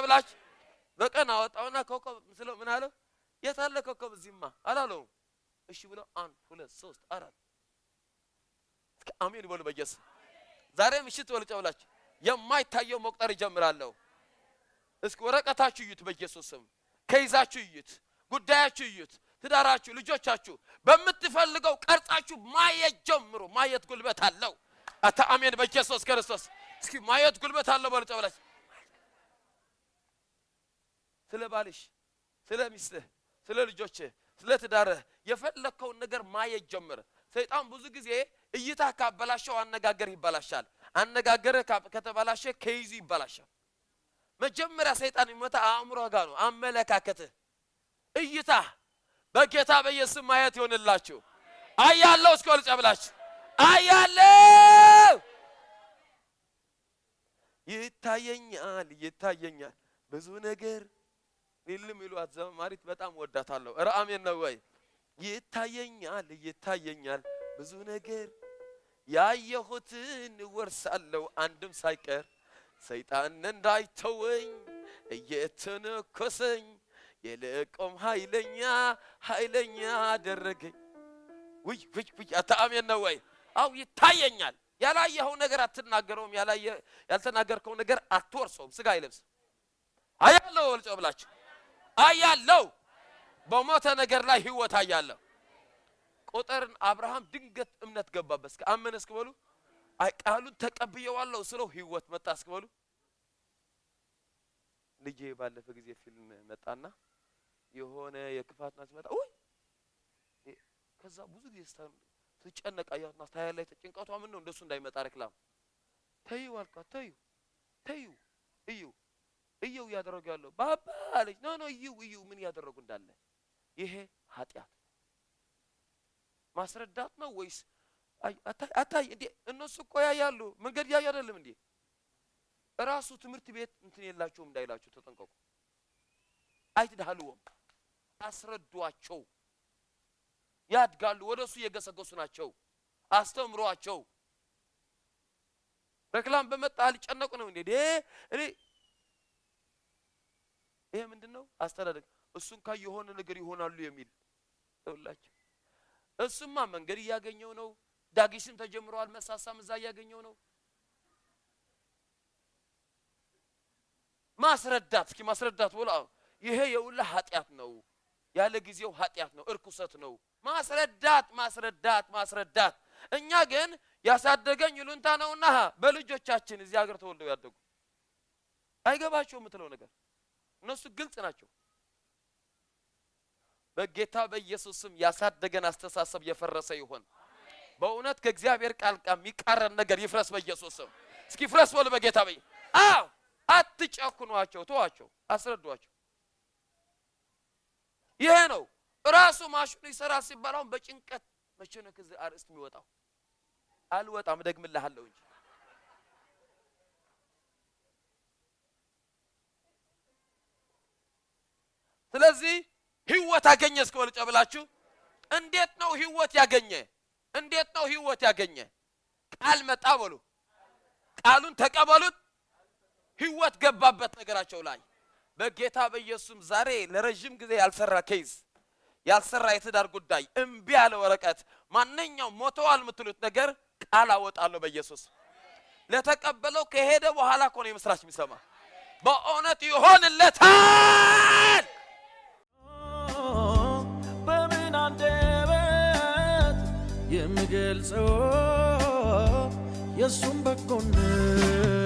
ተብላች በቀን አወጣውና ኮከብ ምስለው ምን አለው? የታለ ኮከብ እዚህማ አላለውም። እሺ ብሎ አንድ ሁለት ሶስት አራት አሜን ይበሉ። በየስ ዛሬ ምሽት በሉ ተብላች የማይታየው መቁጠር ይጀምራለሁ። እስኪ ወረቀታችሁ እዩት፣ በኢየሱስ ስም ከይዛችሁ እዩት፣ ጉዳያችሁ እዩት፣ ትዳራችሁ፣ ልጆቻችሁ በምትፈልገው ቀርጻችሁ ማየት ጀምሩ። ማየት ጉልበት አለው። አታ አሜን። በኢየሱስ ክርስቶስ እስኪ ማየት ጉልበት አለው በሉ ተብላች ስለ ባልሽ፣ ስለ ሚስትህ፣ ስለ ልጆች ስለ ትዳርህ የፈለግከውን ነገር ማየት ጀምር። ሰይጣን ብዙ ጊዜ እይታ ካበላሸው አነጋገር ይበላሻል። አነጋገር ከተበላሸ ከይዙ ይበላሻል። መጀመሪያ ሰይጣን የሚመታ አእምሮ ጋር ነው። አመለካከትህ፣ እይታ በጌታ በኢየሱስ ማየት ይሆንላችሁ። አያለው እስኪ ወልጫ ብላችሁ አያለው ይታየኛል፣ ይታየኛል ብዙ ነገር እልም ይሏት ዘማሪት በጣም ወዳታለሁ። ረአሜን ነው ወይ? ይታየኛል ይታየኛል ብዙ ነገር ያየሁትን ወርሳለሁ አንድም ሳይቀር ሰይጣን እንዳይተወኝ እየተነኮሰኝ የለቆም ኃይለኛ ኃይለኛ አደረገኝ። ውይ ውይ ውይ አታአሜን ነው ወይ? አው ይታየኛል። ያላየኸው ነገር አትናገረውም። ያላየ ያልተናገርከው ነገር አትወርሰውም። ስጋ አይለብስም። አያለው ወልጮ ብላችሁ አያለው። በሞተ ነገር ላይ ህይወት አያለው። ቁጥርን አብርሃም ድንገት እምነት ገባበት። እስከ አመነ እስክበሉ ቃሉን ተቀብየዋለሁ ስለው ህይወት መጣ። እስክበሉ ልጄ ባለፈ ጊዜ ፊልም መጣና የሆነ የክፋት ናት መጣ ወይ ከዛ ብዙ ጊዜ ትጨነቃ ያትና ታያ ላይ ተጭንቀቷ ምን ነው እንደሱ እንዳይመጣ ረክላም ተይው አልኳት። ተይው ተይው እዩ እየው እያደረጉ ያለው ባባ አለች። ኖ ኖ እይው እይው ምን እያደረጉ እንዳለ ይሄ ኃጢአት ማስረዳት ነው ወይስ አታይ እንዴ? እነሱ እኮ ያያሉ፣ መንገድ ያዩ አይደለም እንዴ? እራሱ ትምህርት ቤት እንትን የላቸውም እንዳይላቸው ተጠንቀቁ። አይትዳህልዎም አስረዷቸው። ያድጋሉ፣ ወደሱ እየገሰገሱ ናቸው። አስተምሯቸው። ረክላም በመጣ አልጨነቁ ነው እንዴ? ይሄ ምንድን ነው? አስተዳደግ እሱን ካ የሆነ ነገር ይሆናሉ የሚል ተውላችሁ። እሱማ መንገድ እያገኘው ነው። ዳጊስም ተጀምረዋል። መሳሳም እዛ እያገኘው ነው። ማስረዳት እስኪ ማስረዳት ወላ ይሄ የውላ ኃጢአት ነው ያለ ጊዜው ኃጢአት ነው፣ እርኩሰት ነው። ማስረዳት ማስረዳት ማስረዳት። እኛ ግን ያሳደገኝ ይሉንታ ነውና በልጆቻችን እዚህ ሀገር ተወልደው ያደጉ አይገባቸው የምትለው ነገር እነሱ ግልጽ ናቸው። በጌታ በኢየሱስ ስም ያሳደገን አስተሳሰብ የፈረሰ ይሆን። በእውነት ከእግዚአብሔር ቃል ጋር የሚቃረን ነገር ይፍረስ በኢየሱስ ስም። እስኪ ፍረስ በሉ በጌታ በይ። አዎ አትጨኩኗቸው፣ ተዋቸው፣ አስረዷቸው። ይሄ ነው ራሱ ማሽኑ ይሰራ ሲባል አሁን በጭንቀት መቼ ነው ከዚህ አርእስት የሚወጣው? አልወጣም፣ እደግምልሃለሁ እንጂ ስለዚህ ህይወት አገኘ እስከወልጨ ብላችሁ እንዴት ነው ህይወት ያገኘ? እንዴት ነው ህይወት ያገኘ? ቃል መጣ በሉ፣ ቃሉን ተቀበሉት። ህይወት ገባበት ነገራቸው ላይ በጌታ በኢየሱስም ዛሬ ለረዥም ጊዜ ያልሰራ ኬዝ ያልሰራ የትዳር ጉዳይ እምቢ ያለ ወረቀት ማንኛውም ሞተዋል የምትሉት ነገር ቃል አወጣለሁ በኢየሱስ ለተቀበለው ከሄደ በኋላ እኮ ነው የምስራች የሚሰማ በእውነት ይሆንለታል። ገልጾ የእሱም በጎነት